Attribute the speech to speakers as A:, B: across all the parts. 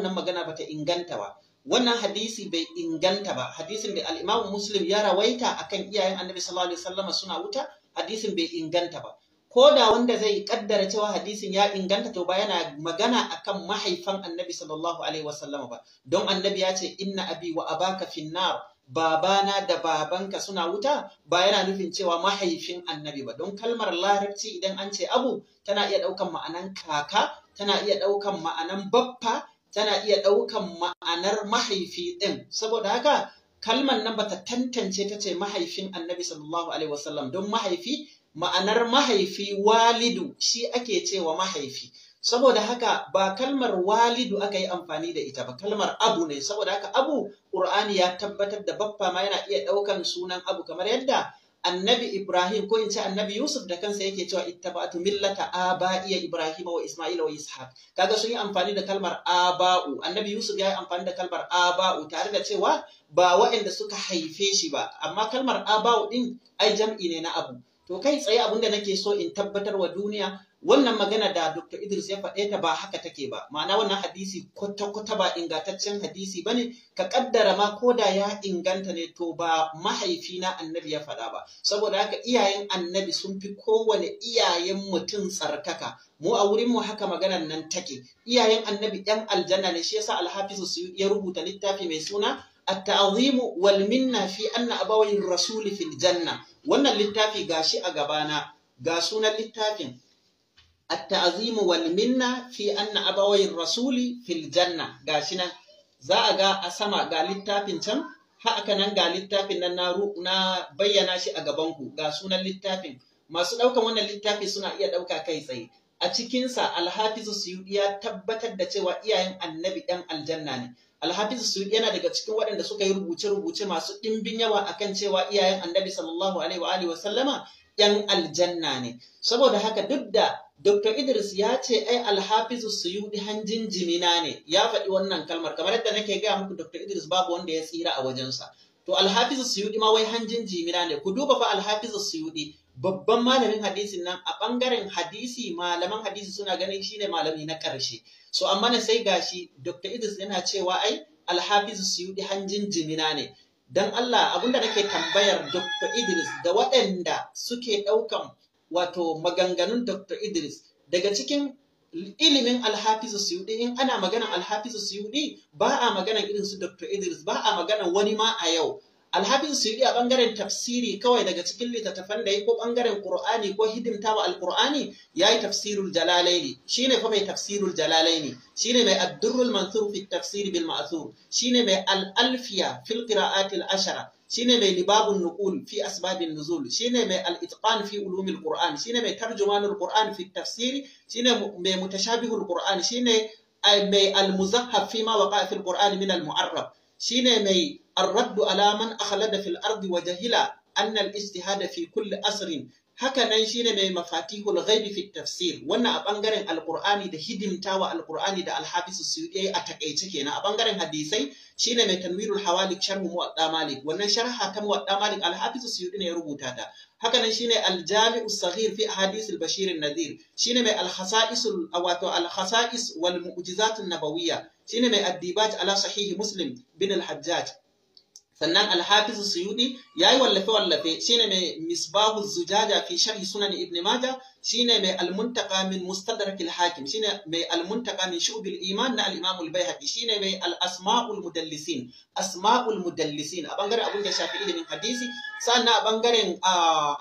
A: wannan magana bata inganta ba wannan hadisi bai inganta ba hadisin da al-Imam Muslim ya rawaita akan iyayen Annabi sallallahu alaihi wasallam suna wuta hadisin bai inganta ba ko da wanda zai kaddara cewa hadisin ya inganta to ba yana magana akan mahaifan Annabi sallallahu alaihi wasallam ba don Annabi ya ce inna abi wa abaka finnar babana da babanka suna wuta ba yana nufin cewa mahaifin annabi ba don kalmar larabci idan an ce abu tana iya ɗaukan ma'anan kaka tana iya ɗaukan ma'anan baffa tana iya ɗaukan ma'anar mahaifi ɗin saboda haka kalmar nan bata tantance ta ce mahaifin annabi sallallahu alaihi wasallam don mahaifi ma'anar mahaifi walidu shi ake cewa mahaifi saboda haka ba kalmar walidu aka yi amfani da ita ba kalmar abu ne saboda haka abu ƙur'ani ya tabbatar da baffa ma yana iya ɗaukan sunan abu kamar yadda annabi Ibrahim ko in ce annabi Yusuf da kansa yake cewa ittaba'tu millata aba'iya Ibrahim wa Isma'ila wa Ishaq kaga sun yi amfani da kalmar aba'u annabi Yusuf ya yi amfani da kalmar aba'u tare da cewa ba waɗanda suka haife shi ba amma kalmar aba'u din ai jam'i ne na abu to kai tsaye abinda nake so in tabbatar wa duniya wannan magana da Dr. Idris ya faɗe ta ba haka take ba ma'ana wannan hadisi kwata-kwata ba ingantaccen hadisi ba ne ka kaddara ma ko da ya inganta ne to ba mahaifi na annabi ya faɗa ba saboda haka iyayen annabi sun fi kowane iyayen mutum tsarkaka mu a wurinmu haka maganar nan take iyayen annabi 'yan aljanna ne shi yasa alhafizu ya rubuta littafi mai suna التعظيم والمنة في أن أبوي الرسول في الجنة وأن a gabana, ga sunan littafin. التعظيم والمنة في أن rasuli الرسول في الجنة غاشنا za a ga a sama ga littafin can haka nan ga littafin nan na, bayyana shi a gabanku ga sunan littafin masu ɗaukan wannan littafi suna iya ɗauka kai tsaye a cikinsa alhafizu suyudi ya tabbatar da cewa iyayen annabi ɗan aljanna ne alhafizu suyudi yana daga cikin waɗanda suka yi rubuce-rubuce masu ɗimbin yawa akan cewa iyayen annabi sallallahu alaihi wa alihi wa sallama ɗan aljanna ne saboda haka duk da Dr. Idris ya ce ai alhafizu suyudi hanjin jimina ne ya faɗi wannan kalmar kamar yadda nake gaya muku Dr. Idris babu wanda ya tsira a wajensa. To alhafizu suyudi ma wai hanjin jimina ne ku duba fa alhafizu suyudi babban malamin hadisin nan a ɓangaren hadisi malaman hadisi suna ganin shine malami na ƙarshe. So amma na sai gashi Dr. Idris yana cewa ai alhafizu suyudi hanjin jimina ne. Dan Allah abinda nake tambayar Dr. Idris da waɗanda suke ɗaukan wato maganganun Dr. Idris daga cikin ilimin alhafizu suyudi in ana maganan alhafizu suyudi ba a maganan irin su Dr. Idris ba a maganan wani ma a yau alhafizu suyudi a bangaren tafsiri kawai daga cikin littattafan da ya ko bangaren qur'ani ko hidimta wa alqur'ani yayi tafsirul jalalaini shine fa mai tafsirul jalalaini shine mai ad mansur fi tafsir bil ma'thur shine mai al-alfiya fil ashara شيني مي لباب النقول في أسباب النزول شيني مي الإتقان في علوم القرآن شيني مي ترجمان القرآن في التفسير شيني مي متشابه القرآن شيني مي المزهف فيما وقع في القرآن من المعرب شيني مي الرد على من أخلد في الأرض وجهلا أن الاجتهاد في كل أسر haka nan shine mai mafatihul ghaibi fi tafsir wannan a bangaren alqur'ani da hidimtawa alqur'ani da alhafisu yi a takaice kenan a bangaren hadisai shine mai tanwirul hawalik sharh muwadda malik wannan sharha ta muwadda malik alhafisu suyuti ne ya rubuta ta haka nan shine aljami'u saghir fi ahadith albashir an-nadhir shine mai alkhasa'is wato alkhasa'is wal mu'jizat an-nabawiyya shine mai addibat ala sahihi muslim bin al-hajjaj سنن الحافظ السيودي ياي ولا في في سين مصباح الزجاجة في شرح سنن ابن ماجه shine mai almuntaka min mustadrak al-hakim shine mai almuntaka min shubil iman na al-imam al-baihaqi shine mai al-asma'ul mudallisin asma'ul mudallisin a bangaren abun da shafi ilimin hadisi sannan a bangaren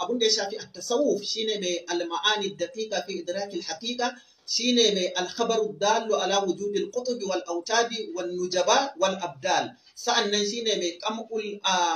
A: abun da shafi at-tasawuf shine mai al-ma'ani daqiqa fi idrak al-haqiqa shine mai al-khabar dallu ala wujud al-qutub wal Autadi wan-nujaba wal-abdal sa'annan shine mai qam'ul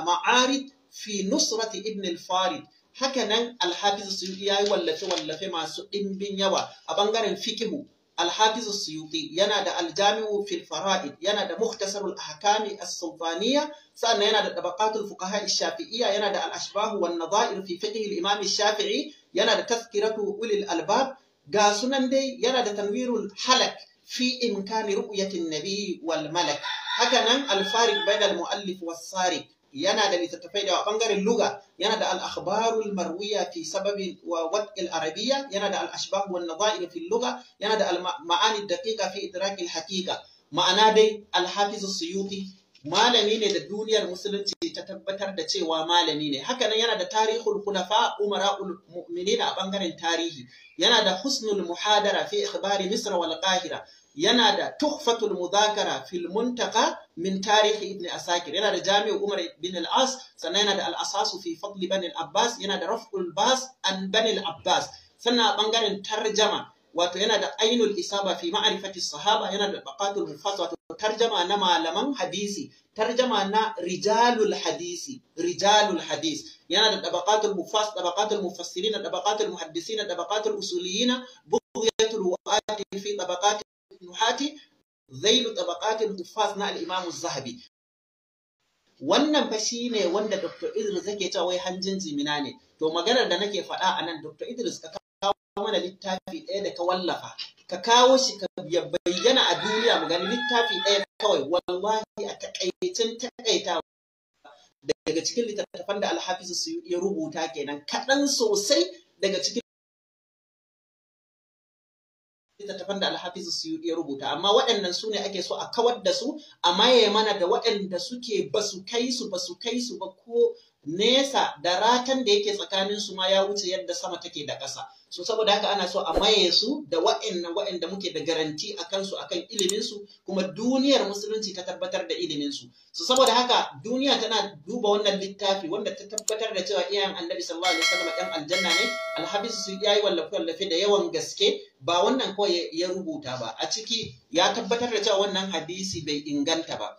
A: ma'arid fi nusrati ibn al-farid hakanan alhafiz suyuti yayi wallafe wallafe masu dimbin yawa a bangaren fikihu alhafiz suyuti yana da aljami'u fil fara'id yana da muhtasarul ahkami as-sultaniya sannan yana da tabaqatul fuqaha ash-shafi'iyya yana da al-ashbah wan nadha'ir fi fiqh al-imam ash-shafi'i yana da tazkiratu ulil albab ga sunan dai yana da tanwirul halak fi imkani ru'yati an-nabi wal malak hakanan al-farid bayna al-mu'allif was-sarik yana da littattafai da bangaren luga yana da al-akhbarul marwiya fi sababi wa wad'il arabiyya yana da al-ashbah wan nadha'ir fi luga yana da al-ma'ani daqiqa fi idrak al-haqiqa ma'ana dai al-hafiz as-suyuti malami ne da duniyar musulunci ta tabbatar da cewa malami ne hakanan yana da tarihul khulafa umara'ul mu'minin a bangaren tarihi yana da husnul muhadara fi ikhbari misra wal qahira yana da tuhfatul mudhakara fil muntaka min tarihi ibn asakir yana da jami'u umar bin al-as sannan yana da al-asasu fi fadli bani al-abbas yana da raf'ul bas an bani al-abbas sannan a bangaren tarjama wato yana da ainul isaba fi ma'rifati sahaba yana da baqatul hufaz wato tarjama na malaman hadisi tarjama na rijalul hadisi rijalul hadis yana da tabaqatul mufass tabaqatul mufassirin tabaqatul muhaddisin tabaqatul usuliyin bughyatul ru'ati fi tabaqati hati zailu tabaqatil huffaz na al zahabi wannan fa shine wanda Dr. Idris yake cewa wai hanjin jimina ne to maganar da nake faɗa anan nan Dr. Idris ka kawo mana littafi ɗaya da ka wallafa ka kawo shi ka bayyana a duniya mu gani littafi ɗaya kawai wallahi a takaicin takaita daga cikin littattafan da al-hafiz Suyuti ya rubuta kenan kaɗan sosai daga cikin littattafan da alhafizu su ya rubuta amma waɗannan su ne ake so a kawar da su a maye mana da waɗanda suke su kai su ba su kai su ba ko nesa da ratan da yake tsakanin su ma ya wuce yadda sama take da ƙasa so saboda haka ana so a maye su da wa'annan wa'anda muke da garanti a kansu akan ilimin su kuma duniyar musulunci ta tabbatar da ilimin su so saboda haka duniya tana duba wannan littafi wanda ta tabbatar da cewa iyayen annabi sallallahu alaihi wasallam dan aljanna ne alhabis su yayi wallafe wallafe da yawan gaske ba wannan kawai ya rubuta ba a ciki ya tabbatar da cewa wannan hadisi bai inganta ba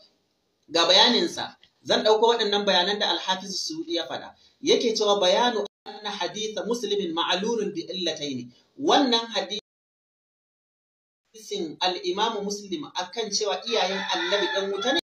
A: ga bayaninsa zan ɗauko waɗannan bayanan da alhafiz suudi ya faɗa yake cewa bayanu anna haditha muslimin ma'alurun bi illataini wannan hadisin al-imamu muslim akan cewa iyayen annabi dan wuta ne